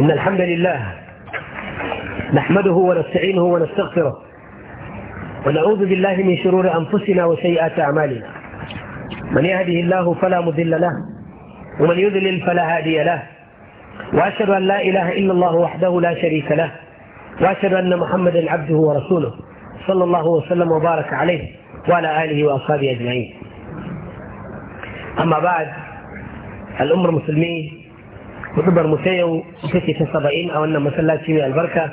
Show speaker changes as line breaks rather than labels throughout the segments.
إن الحمد لله نحمده ونستعينه ونستغفره ونعوذ بالله من شرور أنفسنا وسيئات أعمالنا من يهده الله فلا مضل له ومن يذلل فلا هادي له وأشهد أن لا إله إلا الله وحده لا شريك له وأشهد أن محمدا عبده ورسوله صلى الله وسلم وبارك عليه وعلى آله وأصحابه أجمعين أما بعد الأمر المسلمين hudubar mu ta yau ita ta saba'in a wannan masallaci mai albarka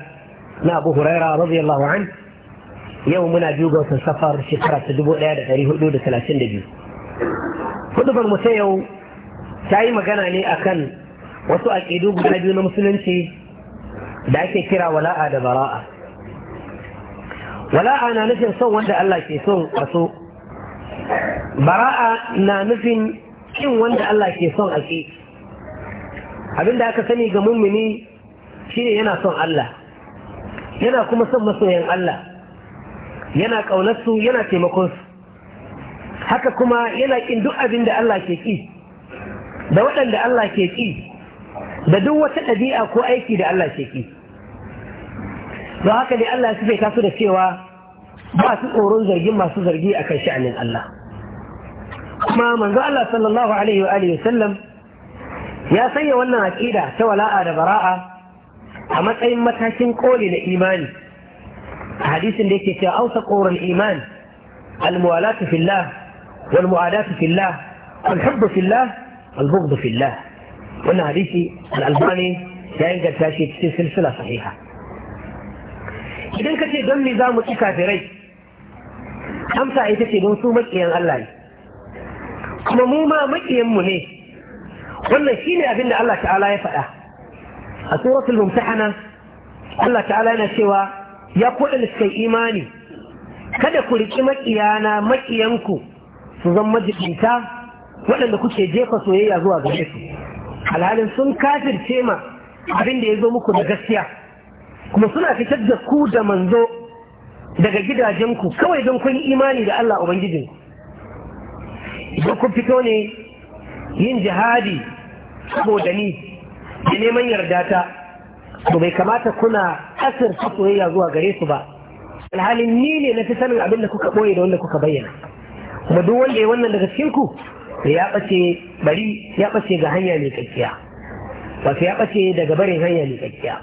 na abu huraira radiyallahu an yau muna biyu ga watan safar shekara ta dubu ɗaya da ɗari hudu da talatin da biyu hudubar mu ta yau ta yi magana ne akan wasu aƙidu guda biyu na musulunci da ake kira wala'a da bara'a wala'a na nufin son wanda Allah ke son a bara'a na nufin ƙin wanda Allah ke son abinda aka sani ga mummuni shine yana son Allah yana kuma son masoyan Allah yana kaunarsu yana taimakonsu haka kuma yana ƙin duk abinda da Allah ke ƙi da waɗanda Allah ke ƙi da duk wata ɗabi'a ko aiki da Allah ke ƙi don haka ne Allah suke kasu da cewa ba su tsoron zargin masu zargi akan sha'anin Allah kuma manzo Allah sallallahu alaihi wa sallam ya sanya wannan aƙida ta wala'a da bara'a a matsayin matakin koli na imani a hadisin da yake cewa ausa koran iman almuwalatu fillah wal mu'adatu fillah wal hubbu fillah wal bughdu fillah wannan hadisi al-albani ya inganta shi cikin silsila sahiha idan ka ce don me za mu ci kafirai amsa ita ce don su maƙiyan Allah ne kuma mu ma maƙiyan mu ne wannan shine abin da Allah ta'ala ya faɗa a suratul mumtahana Allah ta'ala yana cewa ya kuɗin suka imani kada ku riƙi maƙiyana maƙiyanku su zama majibinta waɗanda kuke jefa soyayya zuwa gare su alhalin sun kafirce ma abin da ya zo muku da gaskiya kuma suna fitar da ku da manzo daga gidajenku kawai don kun imani da Allah Ubangijinku idan kun fito ne yin jihadi saboda ni da neman yarda ta to bai kamata kuna kasar soyayya zuwa gare su ba alhalin ni ne na fi sanin abin da kuka ɓoye da wanda kuka bayyana kuma duk wanda ya wannan daga cikin ku ya ɓace bari ya bace ga hanya mai kakkiya wato ya ɓace daga barin hanya mai kakkiya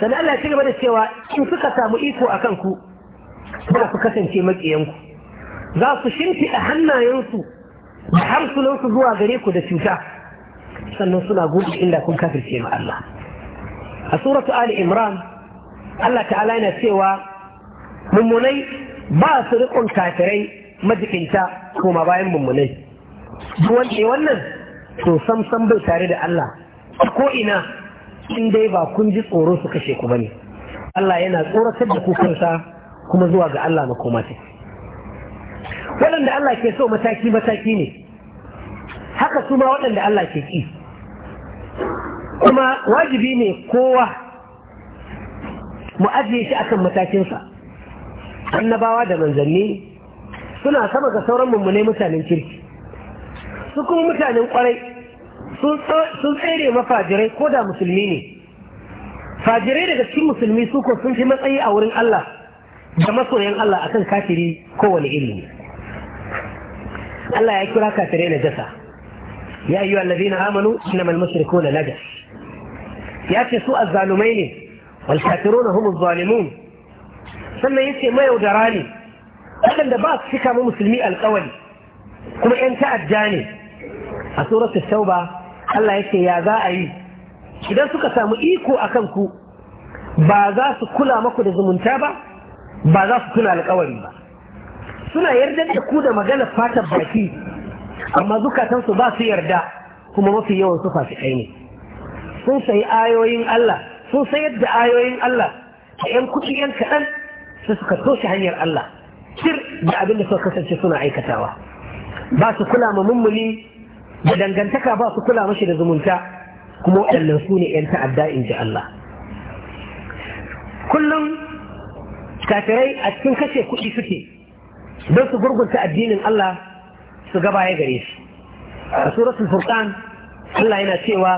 sannan Allah ya ci gaba da cewa in suka samu iko akan ku ba ku kasance makiyanku za su shimfiɗa hannayensu da har su zuwa gare ku da cuta sannan suna gudu inda kun kafirce ma Allah a suratu Ali Imran Allah ta'ala yana cewa mummunai ba su riƙon kafirai majikinta koma bayan mummunai duk wanda wannan to sam sam bai tare da Allah ko ina in dai ba kun ji tsoro su kashe ku bane Allah yana tsoratar da ku kansa kuma zuwa ga Allah makoma waɗanda Allah ke so mataki mataki ne haka su ma waɗanda Allah ke ƙi kuma wajibi ne kowa mu ajiye shi akan matakinsa annabawa da manzanni suna sama ga sauran mummune mutanen kirki su kuma mutanen kwarai sun tsere mafajirai ko da musulmi ne fajirai daga cikin musulmi su ko sun fi matsayi a wurin Allah da masoyan Allah akan kafiri kowane ilimi Allah ya kira kafirai na jasa يا أيها الذين آمنوا إنما المشركون نجس يأتي سوء الظالمين والكافرون هم الظالمون ثم ياتي ما يوجراني أكن دباس فيك مسلمي القول كما أنت أجاني أسورة التوبة الله يسي يا ذائي إذا سوك سامو إيكو أكنكو بازاس كلا مكو دزمون تابا بازاس كلا القول سنة يردد يكود مغالا فاتب باكي amma zukatansu ba su yarda kuma mafi yawan su fasikai ne sun sayi ayoyin Allah sun sayar da ayoyin Allah a 'yan kuɗi 'yan kaɗan su suka toshe hanyar Allah shir da abin da suka kasance suna aikatawa ba su kula ma mummuli, da dangantaka ba su kula mashi da zumunta kuma waɗannan su ne 'yan ta'adda in ji Allah kullum kafirai a cikin kashe kuɗi suke don su gurgunta addinin Allah su ga baya gare shi a suratul furqan Allah yana cewa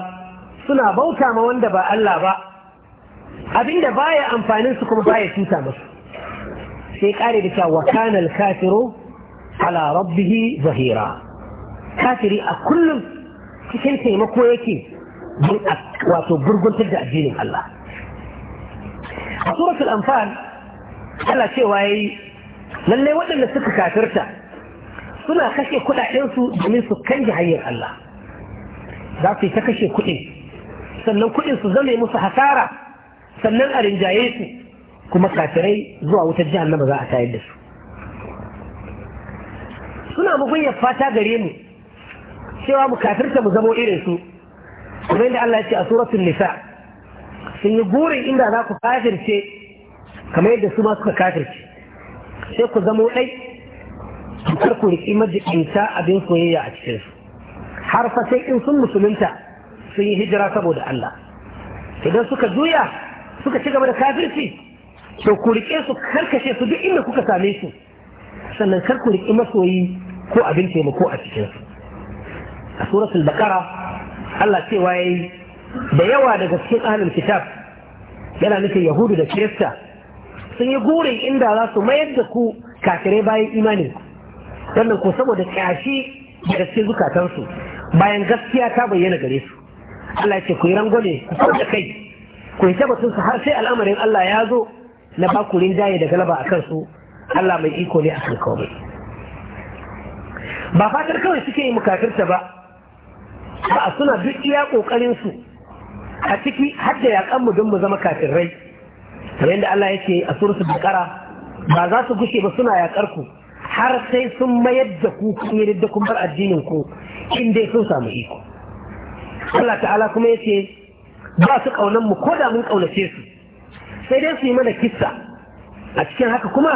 suna bauta ma wanda ba Allah ba abinda baya amfanin su kuma baya cuta musu sai kare da cewa wa kana al-kafiru ala rabbihi zahira kafiri a kullum cikin taimako yake wato burguntar da addinin Allah a suratul anfal Allah cewa yayi lalle waɗanda suka kafirta suna kashe kudadensu domin su kai da hanyar Allah za su yi ta kashe kuɗi sannan kudin su zame musu hasara sannan a rinjaye su kuma kafirai zuwa wutar na za a tayar da su suna ya fata gare mu cewa mu kafirta mu zamo irin su kuma inda Allah ya ce a suratul nisa sun yi burin inda za ku kafirce kamar yadda su ma suka kafirce sai ku zamo dai. kar ku riƙi ta abin soyayya a cikin har fa sai in sun musulunta sun yi hijira saboda Allah idan suka juya suka ci gaba da kafirci to ku riƙe su karkashe su duk inda kuka same su sannan kar ku riƙi masoyi ko abin taimako a cikin su a suratul baqara Allah cewa yayi da yawa daga cikin ahlul kitab yana nufin yahudu da kirista sun yi gurin inda za su mayar da ku kafirai bayan imanin ku wannan ko saboda kyashi da gaske zukatansu bayan gaskiya ta bayyana gare su Allah ce ku yi rangwame ku da kai ku yi tabbatun su har sai al'amarin Allah ya zo na ba ku rinjaye da galaba a kansu Allah mai iko ne a kan komai. ba fatar kawai suke yi mukafirta ba ba suna duk iya kokarin su a ciki har da yakan mu don mu zama kafirai kamar yadda Allah yake a suratul baqara ba za su gushe ba suna yakar ku har sai sun mayar da ku kan yi da kun bar addinin ku inda sun samu iko Allah ta'ala kuma yace ba su kaunan mu ko da mun kaunace su sai dai su yi mana kissa a cikin haka kuma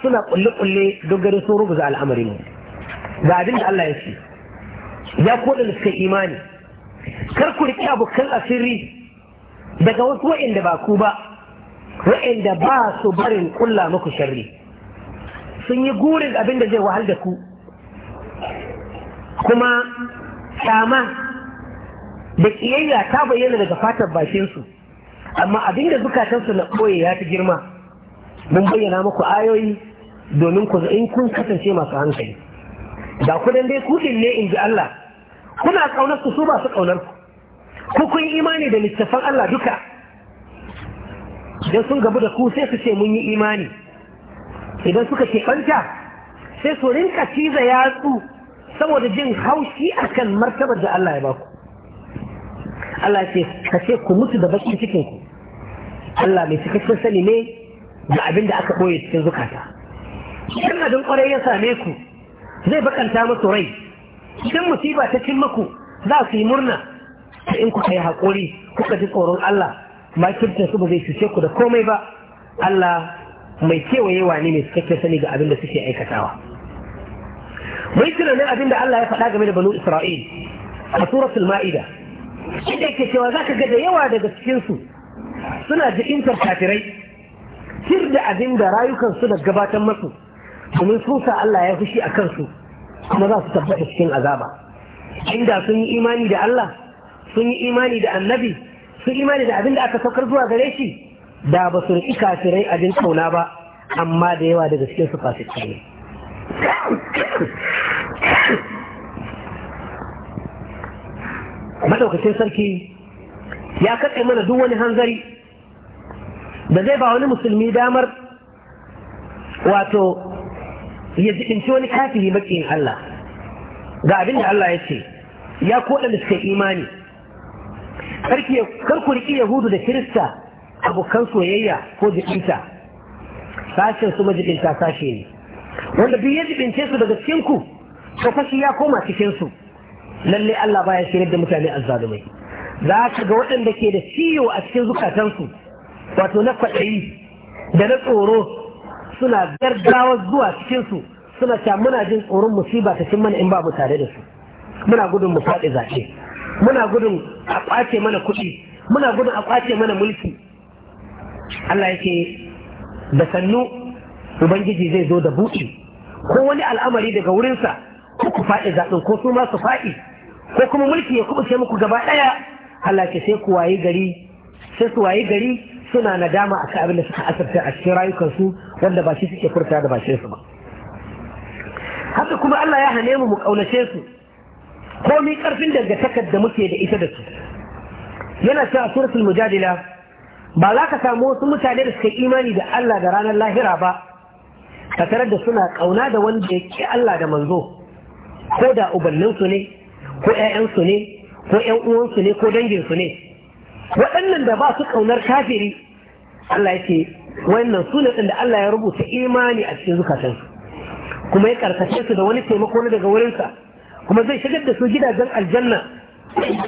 suna kulle kulle don garin sun rubuta al'amarin mu ga abin Allah ya ce ya koda da suka imani kar ku riƙe abokan asiri daga wasu wa'inda ba ku ba wa'inda ba su barin kulla muku sharri sun yi gurin abin da zai wahal da ku kuma kyama da kiyayya ta bayyana daga fatar bakinsu amma abin da zukatansu na ɓoye ya fi girma mun bayyana muku ayoyi domin ku in kun kasance masu hankali da ku dan dai kudin ne in ji Allah kuna kaunar su su ba su kaunar ku ku kun imani da littafan Allah duka idan sun gabu da ku sai su ce mun yi imani idan suka ce kwanta sai su rinka ciza yatsu saboda jin haushi a kan martabar da Allah ya baku Allah ce ka ce ku mutu da bakin cikin ku Allah mai cikakken sani ne da abin da aka ɓoye cikin zukata idan abin kwarai ya same ku zai bakanta musu rai idan musiba ta cin maku za su yi murna in kuka yi haƙuri kuka ji tsoron Allah makircin su ba zai cuce ku da komai ba Allah mai kewayewa ne mai cikakken sani ga abin da suke aikatawa mai tunanin abin da Allah ya faɗa game da banu Isra'il a suratul ma'ida inda yake cewa zaka ga da yawa daga cikin su suna jikintar kafirai Fir da abin da rayukan su da gabatar masu domin sun sa Allah ya fushi a kansu kuma za su tabbata cikin azaba inda sun yi imani da Allah sun yi imani da annabi sun imani da abin da aka saukar zuwa gare shi da ba su riƙi kafirai abin kauna ba amma da yawa daga cikin su fasikai ne madaukakin sarki ya kaɗe mana duk wani hanzari da zai ba wani musulmi damar wato ya jiɗinci wani kafiri maƙiyin Allah ga abin da Allah ya ce ya koɗa da suka imani karku riƙi yahudu da kirista abokan soyayya ko jikinta sashen su majibinta sashe ne wanda duk ya jibince su daga cikin ku to fashi ya koma cikinsu. su lalle Allah baya shirar da mutane azzalumai za ka ga waɗanda ke da ciwo a cikin zukatansu wato na kwaɗayi da na tsoro suna gargawa zuwa cikinsu suna ta muna jin tsoron musiba ta cin mana in babu tare da su muna gudun mu faɗi zaɓe muna gudun a ƙwace mana kuɗi muna gudun a ƙwace mana mulki Allah yake da sannu ubangiji zai zo da buɗi ko wani al'amari daga wurinsa ko ku faɗi zaɓin ko su ma su faɗi ko kuma mulki ya kubuce muku gaba ɗaya Allah ke sai ku wayi gari sai su wayi gari suna nadama a abin da suka asirta a cikin rayukansu wanda ba shi suke furta da bashin su ba haka kuma Allah ya hane mu mu ƙaunace su ko mi karfin dangantakar da muke da ita da su yana cewa suratul mujadila ba za ka samu wasu mutane da suka imani da Allah da ranar lahira ba ka tarar da suna kauna da wanda ya ke Allah da manzo ko da ubanninsu ne ko 'ya'yansu ne ko 'yan uwansu ne ko danginsu ne waɗannan da ba su kaunar kafiri Allah ya ce wannan suna ɗin da Allah ya rubuta imani a cikin zukatan kuma ya karkace su da wani taimako na daga wurinsa kuma zai shigar da su gidajen aljanna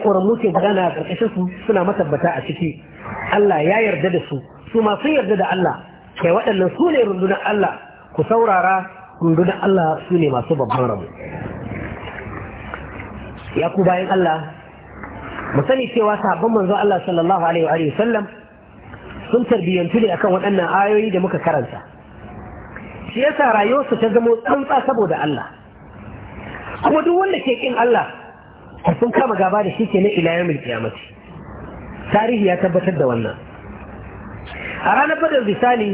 ƙoramu ke gana a ƙarƙashin suna matabbata a ciki Allah ya yarda da su su ma yarda da Allah kai waɗannan su ne rundunar Allah ku saurara rundunar Allah su ne masu babban rabu ya ku bayan Allah musani cewa sabon manzo Allah sallallahu alaihi Wasallam sun tarbiyyantu ne akan waɗannan ayoyi da muka karanta shi yasa rayuwarsu ta zama tsantsa saboda Allah kuma duk wanda ke ƙin Allah sun kama gaba da shi ke na ila yawmil tarihi ya tabbatar da wannan a ranar badar misali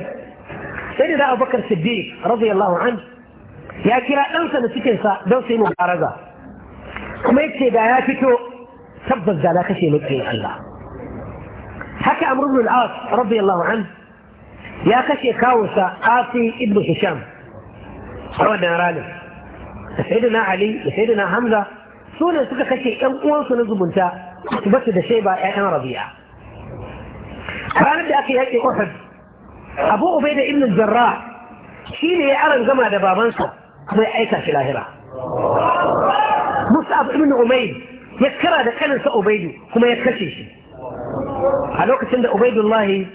sai da za siddiq an ya kira ɗansa da cikinsa don sai mu baraza kuma ce da ya fito tabbas da na kashe makiyin Allah haka amr ibn al-as an ya kashe kawunsa asi ibn hisham a wannan ranar da sayyidina ali da saidina hamza su ne suka kashe 'yan uwansu na zubunta بس ده شيء بقى انا ربيعه فانا بدي اكل هيك احد ابو عبيده ابن الجراح شيء لي ارم زما ده بابنسا في ايتا في الاهره مصعب ابن عمير يذكر هذا كان سو عبيده كما يكشي شيء هذوك سند عبيد الله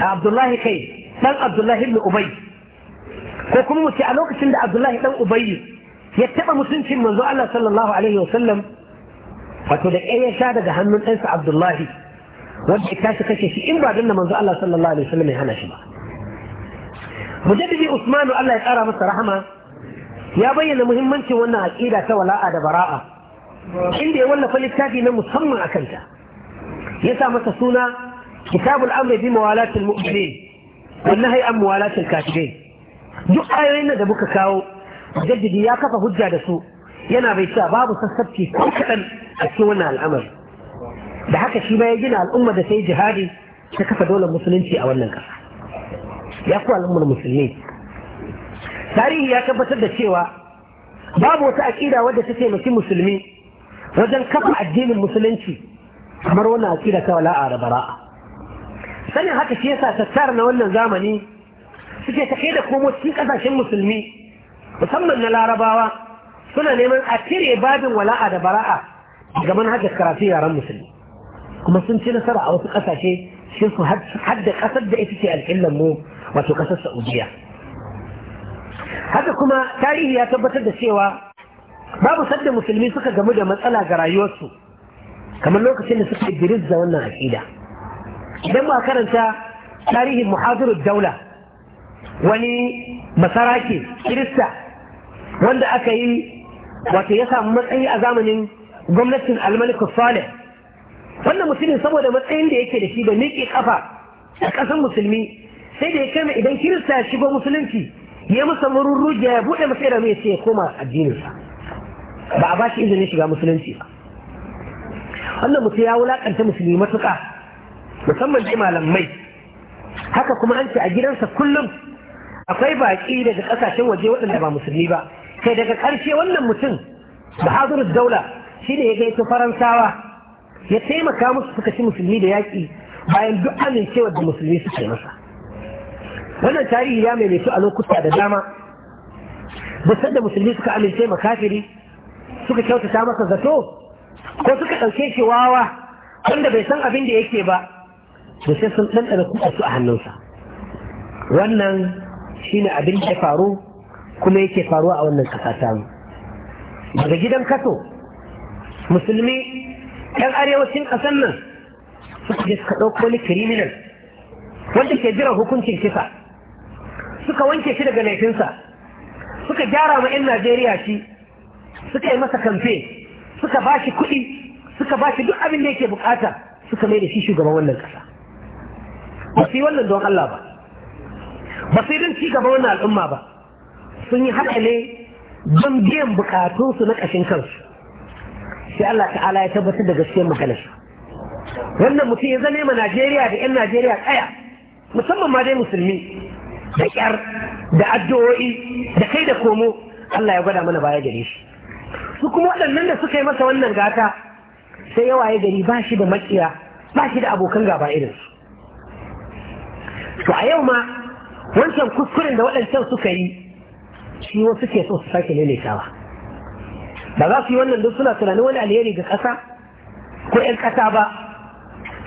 عبد الله كي بل عبد الله بن عبيد وكم مسي علوك سند عبد الله بن عبيد يتبع مسلم في من الله صلى الله عليه وسلم wato da ƙyar ya sha daga hannun ɗansa abdullahi wanda ya tashi kashe shi in ba danna manzo Allah sallallahu alaihi wasallam ya hana shi ba mujaddidi usmanu Allah ya ƙara masa rahama ya bayyana muhimmancin wannan aqida ta wala'a da bara'a inda ya wallafa littafi na musamman a kanta ya sa masa suna kitabul amri bi mawalatil mu'minin wal nahyi an mawalatil kafirin duk ayoyin da muka kawo mujaddidi ya kafa hujja da su yana bai sa babu sassabci kaɗan a cikin wannan al'amari da haka shi ma ya gina al'umma da sai jihadi ta kafa dole musulunci a wannan ƙasa ya ku al'ummar musulmi tarihi ya tabbatar da cewa babu wata aƙida wadda ta taimaki musulmi wajen kafa addinin musulunci kamar wannan aƙida ta wala da bara'a sanin haka shi yasa tattara na wannan zamani suke ta kai da komo cikin ƙasashen musulmi musamman na larabawa suna neman a cire babin wala'a da bara'a daga manhajar karatu yaran musulmi kuma sun ci nasara a wasu ƙasashe sun su hadda ƙasar da ita ce alƙillan mu wato ƙasar saudiya haka kuma tarihi ya tabbatar da cewa babu sadda musulmi suka gamu da matsala ga rayuwarsu kamar lokacin da suka idris da wannan aƙida idan ba karanta tarihin muhazirul daula wani masaraki kirista wanda aka yi wato ya samu matsayi a zamanin gwamnatin almalikus salih wannan mutumin saboda matsayin da yake da shi da miƙe kafa a ƙasar musulmi sai da ya kai idan kirista ya shigo musulunci ya musa mururruja ya buɗe masa idanu ya ce ya koma addininsa ba a ba shi izinin shiga musulunci ba wannan mutum ya wulaƙanta musulmi matuƙa musamman da malamai haka kuma an ce a gidansa kullum akwai baƙi daga ƙasashen waje waɗanda ba musulmi ba kai daga ƙarshe wannan mutum da hadurus daula shi ne ya gaito faransawa ya taimaka musu suka ci musulmi da yaƙi bayan duk amincewar da musulmi suke masa wannan tarihi ya maimaito a lokuta da dama da sanda musulmi suka amince ma kafiri suka kyautata masa zato ko suka ɗauke shi wawa wanda bai san abin da yake ba da sai sun ɗanɗana kuɗa su a hannunsa wannan shine abin da ya faru kuma yake faruwa a wannan ƙasa samu. daga gidan kaso musulmi yan arewacin ƙasar nan suka je suka ɗauko wani kiriminal wanda ke jiran hukuncin kisa suka wanke shi daga laifinsa suka gyara ma 'yan najeriya shi suka yi masa kamfe suka ba shi kuɗi suka ba shi duk abin da yake bukata suka mai da shi shugaban wannan ƙasa ba su yi wannan don Allah ba ba su yi don ci gaban wannan al'umma ba sun yi haɗa ne don biyan bukatunsu na ƙashin kansu sai Allah ta'ala ya tabbatar da gaskiyar maganar wannan mutum ya zane ma Najeriya da 'yan Najeriya tsaya musamman ma dai musulmi da ƙyar da addu'o'i da kai da komo Allah ya gwada mana baya gare shi su kuma waɗannan da suka yi masa wannan gata sai yawa ya gari ba shi da makiya ba shi da abokan gaba irinsu to a yau ma wancan kuskuren da waɗancan suka yi shi wasu ke so su sake lailaitawa ba za su yi wannan duk suna tunanin wani alheri ga ƙasa ko 'yan ƙasa ba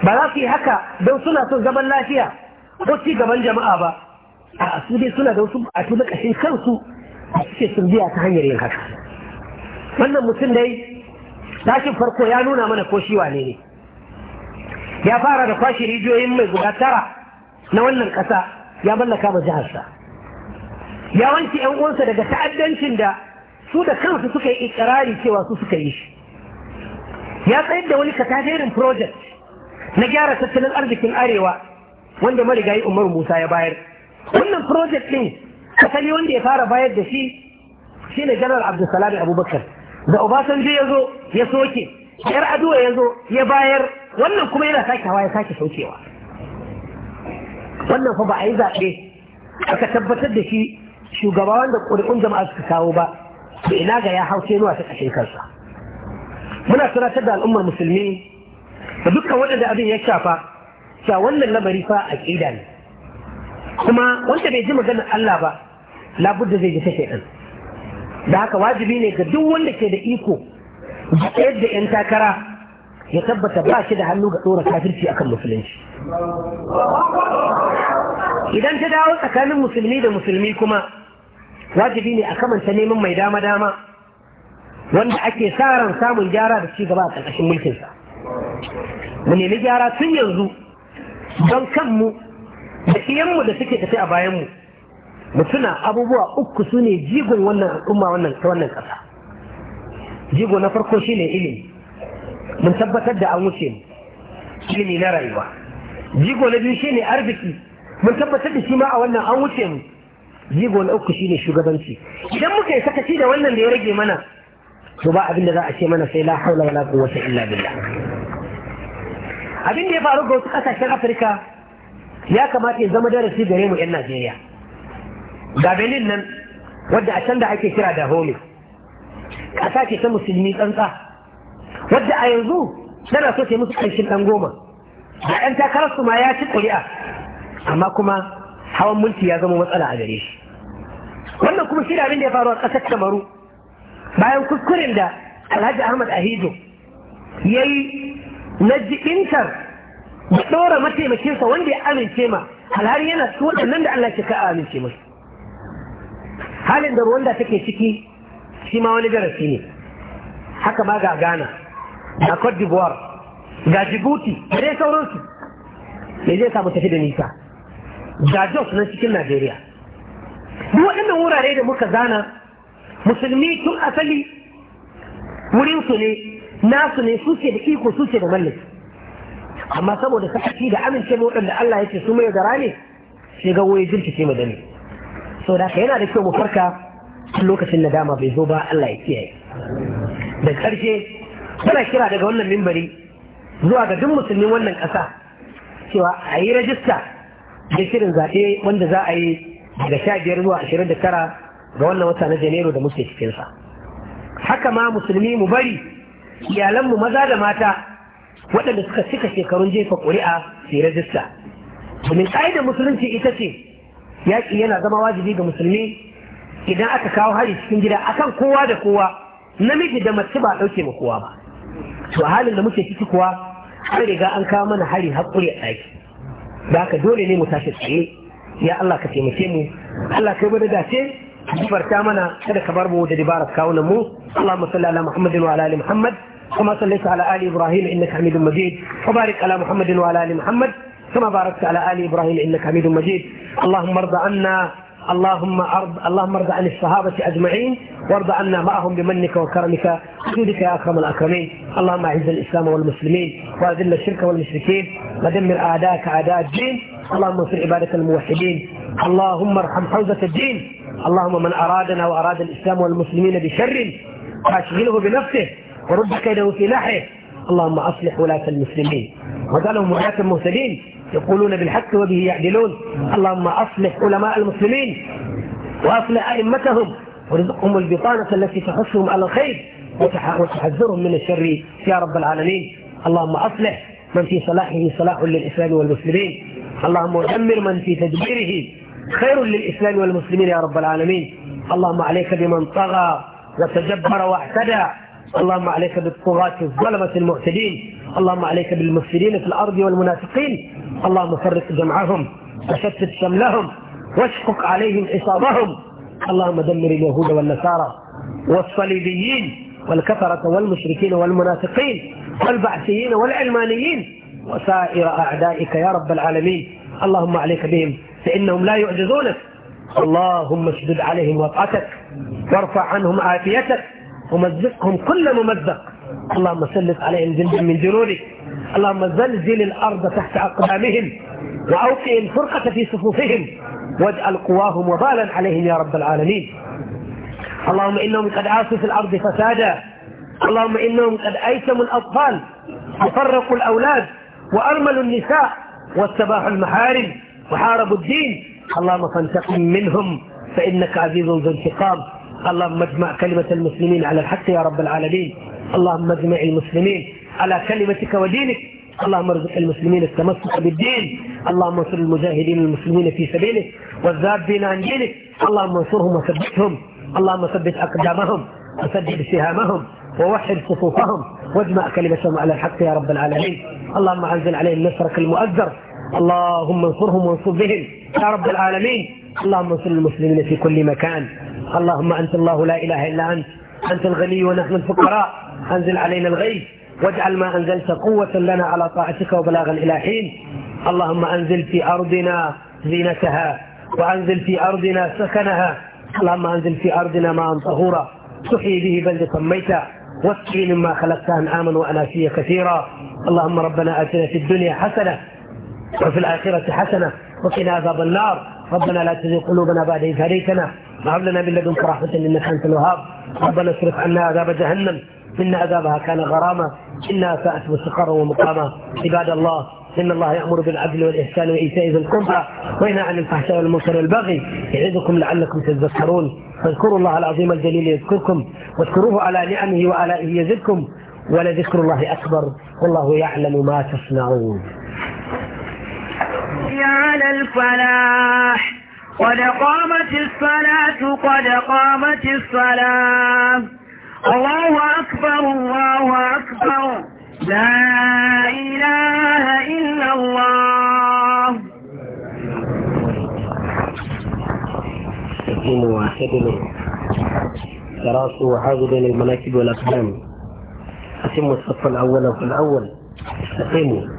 ba za su yi haka don suna son zaman lafiya ko ci gaban jama'a ba a su dai suna da wasu buƙatu na ƙashin kansu a suke sun biya ta hanyar yin haka wannan mutum dai tashin farko ya nuna mana ko shi wane ne ya fara da kwashe rijiyoyin mai guda tara na wannan ƙasa ya mallaka ma jiharsa ya wanke yan uwansa daga ta'addancin da su da kansu suka yi ikirari cewa su suka yi shi ya tsayar da wani katafirin project na gyara tattalin arzikin arewa wanda marigayi umar musa ya bayar wannan project ɗin asali wanda ya fara bayar da shi shi shine general abdulsalami abubakar da obasanjo ya zo ya soke yar aduwa ya zo ya bayar wannan kuma yana sake hawa ya sake saukewa wannan fa ba a yi zaɓe aka tabbatar da shi shugaba wanda ƙuri'un jama'a suka kawo ba to ina ga ya hau nuwa ta ƙashin kansa muna tunatar da al'ummar musulmi da dukkan waɗanda abin ya shafa cewa wannan lamari fa ƙida ne kuma wanda bai ji maganar Allah ba labudda zai ji ta ɗan. da haka wajibi ne ga duk wanda ke da iko da yadda 'yan takara ya tabbata ba shi da hannu ga ɗora kafirci akan musulunci idan ta dawo tsakanin musulmi da musulmi kuma wajibi ne a kamanta neman mai dama-dama wanda ake sa samun gyara da ci gaba a ƙarƙashin mulkinsa mu nemi gyara tun yanzu don kanmu da iyanmu da suke tafi a bayanmu mu tuna abubuwa uku su ne jigon wannan al'umma wannan ta wannan ƙasa jigo na farko shi ne ilimi mun tabbatar da an wuce mu ilimi na rayuwa jigo na biyu shi ne arziki mun tabbatar da shi ma a wannan an wuce mu zigo na uku shine shugabanci idan muka yi sakaci da wannan da ya rage mana to ba abin da za a ce mana sai la haula wala quwwata illa billah abin da ya faru ga wasu kasashen Afirka ya kamata ya zama darasi gare mu yan Najeriya ga Benin nan wadda a can da ake kira da Home ƙasa ce ta musulmi tsantsa wadda a yanzu tana so ta musu ƙarshen ɗan goma da takarar su ma ya ci ƙuri'a amma kuma hawan mulki ya zama matsala a gare shi wannan kuma shi da abin da ya faru a ƙasar kamaru bayan kuskuren da alhaji ahmad ahijo ya yi na jikintar da ɗora mataimakinsa wanda ya amince ma alhari yana su waɗannan da Allah ke ka amince masu halin da ruwanda take ciki shi ma wani darasi ne haka ma ga ghana ga cote d'ivoire ga djibouti da dai sauransu da zai samu tafi da nisa ga jos na cikin najeriya duk waɗannan wurare da muka zana musulmi tun asali wurinsu ne nasu ne su ce da iko su ce da mallaki amma saboda sakaci da amince waɗanda Allah yake su mai gara ne sai ga waye jirki mu dani so da yana da kyau mu farka lokacin da dama bai zo ba Allah ya kiyaye da karshe tana kira daga wannan mimbari zuwa ga duk musulmin wannan ƙasa cewa a yi rajista da shirin zaɓe wanda za a yi daga sha biyar zuwa ashirin da tara ga wannan wata na janairu da muke cikinsa haka ma musulmi mu bari iyalanmu maza da mata waɗanda suka cika shekarun jefa ƙuri'a su yi rajista domin ƙa'idar musulunci ita ce yaƙi yana zama wajibi ga musulmi idan aka kawo hari cikin gida akan kowa da kowa namiji da mace ba ɗauke ma kowa ba to a halin da muke ciki kuwa an riga an kawo mana hari haƙuri a ɗaki da haka dole ne mu tashi tsaye ya Allah ka taimake mu Allah kai bada dace barta mana kada ka bar mu da dabarar kawunan mu Allahumma salli ala Muhammadin wa ala ali Muhammad كما صليت على آل إبراهيم إنك حميد مجيد وبارك على محمد ala ali محمد كما باركت على اللهم أرض اللهم ارض عن الصحابة أجمعين وارض عنا معهم بمنك وكرمك وجودك يا أكرم الأكرمين اللهم أعز الإسلام والمسلمين وأذل الشرك والمشركين ودمر أعداءك أعداء الدين اللهم انصر عبادك الموحدين اللهم ارحم حوزة الدين اللهم من أرادنا وأراد الإسلام والمسلمين بشر فاشغله بنفسه ورد كيده في نحره اللهم أصلح ولاة المسلمين وجعلهم ولاة مهتدين يقولون بالحق وبه يعدلون اللهم أصلح علماء المسلمين وأصلح أئمتهم وارزقهم البطانة التي تحثهم على الخير وتحذرهم من الشر يا رب العالمين اللهم أصلح من في صلاحه صلاح للإسلام والمسلمين اللهم أدمر من في تدبيره خير للإسلام والمسلمين يا رب العالمين اللهم عليك بمن طغى وتجبر واعتدى اللهم عليك بالطغاة الظلمة المعتدين اللهم عليك بالمفسدين في الأرض والمنافقين اللهم فرق جمعهم وشتت شملهم واشقق عليهم عصابهم اللهم دمر اليهود والنصارى والصليبيين والكفرة والمشركين والمنافقين والبعثيين والعلمانيين وسائر أعدائك يا رب العالمين اللهم عليك بهم فإنهم لا يعجزونك اللهم اشدد عليهم وطأتك وارفع عنهم آفيتك ومزقهم كل ممزق اللهم سلط عليهم جلدا من جنودك اللهم زلزل الأرض تحت أقدامهم واوقي الفرقة في صفوفهم واجعل قواهم وبالا عليهم يا رب العالمين اللهم إنهم قد عاصوا في الأرض فسادا اللهم إنهم قد أيتموا الأطفال وفرقوا الأولاد وأرملوا النساء واستباحوا المحارم وحاربوا الدين اللهم فانتقم منهم فإنك عزيز ذو انتقام اللهم اجمع كلمة المسلمين على الحق يا رب العالمين اللهم اجمع المسلمين على كلمتك ودينك اللهم ارزق المسلمين التمسك بالدين اللهم انصر المجاهدين المسلمين في سبيلك والذابين عن دينك اللهم انصرهم وثبتهم اللهم ثبت أقدامهم وسدد سهامهم ووحد صفوفهم واجمع كلمتهم على الحق يا رب العالمين اللهم انزل عليهم نصرك المؤذر اللهم انصرهم وانصر بهم يا رب العالمين اللهم انصر المسلمين في كل مكان اللهم أنت الله لا إله إلا أنت أنت الغني ونحن الفقراء أنزل علينا الغيث واجعل ما أنزلت قوة لنا على طاعتك وبلاغا إلى حين اللهم أنزل في أرضنا زينتها وأنزل في أرضنا سكنها اللهم أنزل في أرضنا ماء طهورا تحيي به بلدة ميتا واسقي مما خلقت أنعاما فيه كثيرا اللهم ربنا آتنا في الدنيا حسنة وفي الآخرة حسنة وقنا عذاب النار ربنا لا تزغ قلوبنا بعد إذ هديتنا وهب لنا من لدنك رحمة إنك أنت الوهاب ربنا اصرف عنا عذاب جهنم إن عذابها كان غراما إنها ساءت مستقرا ومقاما عباد الله إن الله يأمر بالعدل والإحسان وإيتاء ذي القربى وينهى عن الفحشاء والمنكر والبغي يعظكم لعلكم تذكرون فاذكروا الله العظيم الجليل يذكركم واذكروه على نعمه وآلائه يزدكم ولذكر الله أكبر والله يعلم ما تصنعون يا على الفلاح قد قامت الصلاة قد قامت الصلاة الله أكبر الله أكبر لا إله إلا الله تسليم واحد تراص وحاذ بين المناكب والأقدام أتموا الصف الأول وفي الأول استقيموا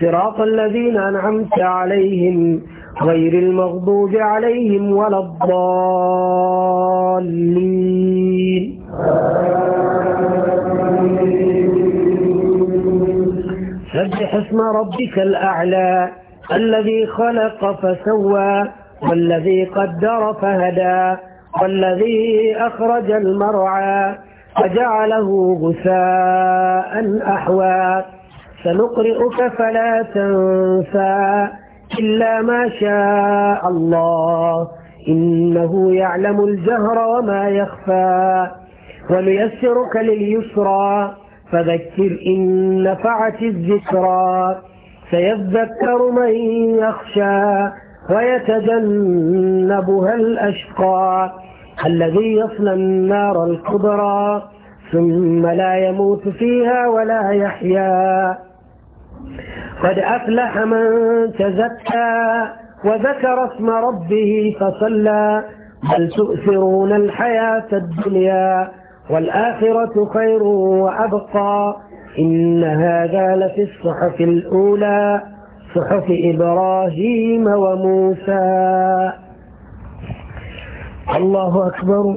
صراط الذين أنعمت عليهم غير المغضوب عليهم ولا الضالين سبح اسم ربك الأعلى الذي خلق فسوى والذي قدر فهدى والذي أخرج المرعى فجعله غثاء أحوى سنقرئك فلا تنسى إلا ما شاء الله إنه يعلم الجهر وما يخفى ونيسرك لليسرى فذكر إن نفعت الذكرى سيذكر من يخشى ويتجنبها الأشقى الذي يصلى النار الكبرى ثم لا يموت فيها ولا يحيا قد أفلح من تزكى وذكر اسم ربه فصلى بل تؤثرون الحياة الدنيا والآخرة خير وأبقى إن هذا لفي الصحف الأولى صحف إبراهيم وموسى الله أكبر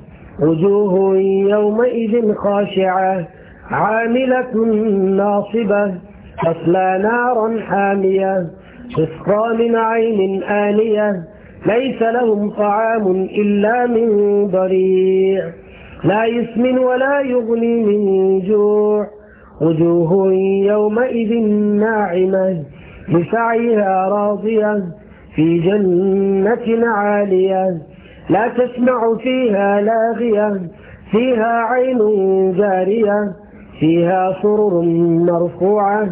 وجوه يومئذ خاشعة عاملة ناصبة تصلى نارا حامية تسقى من عين آنية ليس لهم طعام إلا من ضريع لا يسمن ولا يغني من جوع وجوه يومئذ ناعمة لسعيها راضية في جنة عالية لا تسمع فيها لاغية فيها عين جارية فيها سرر مرفوعة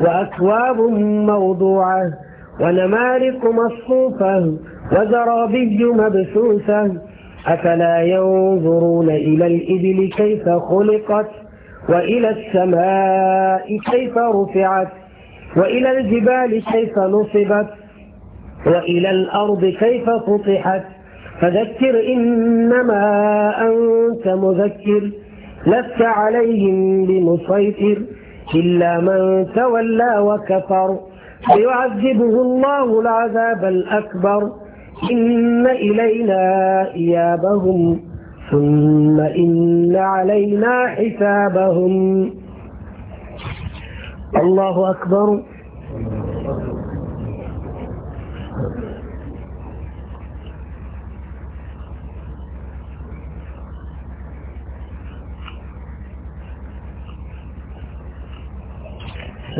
وأكواب موضوعة ونمارق مصفوفة وزرابي مبثوثة أفلا ينظرون إلى الإبل كيف خلقت وإلى السماء كيف رفعت وإلى الجبال كيف نصبت وإلى الأرض كيف فتحت فذكر إنما أنت مذكر لست عليهم بمسيطر إلا من تولى وكفر فيعذبه الله العذاب الأكبر إن إلينا إيابهم ثم إن علينا حسابهم الله أكبر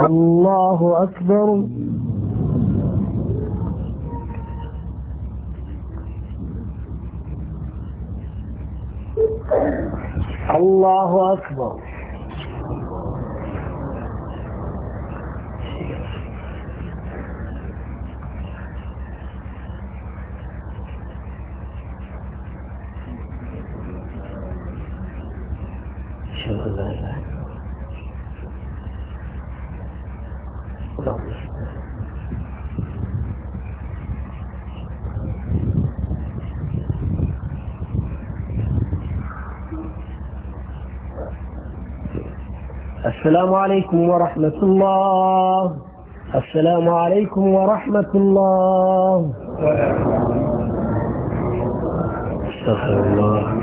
الله أكبر الله أكبر السلام عليكم ورحمة الله السلام عليكم ورحمة الله استغفر الله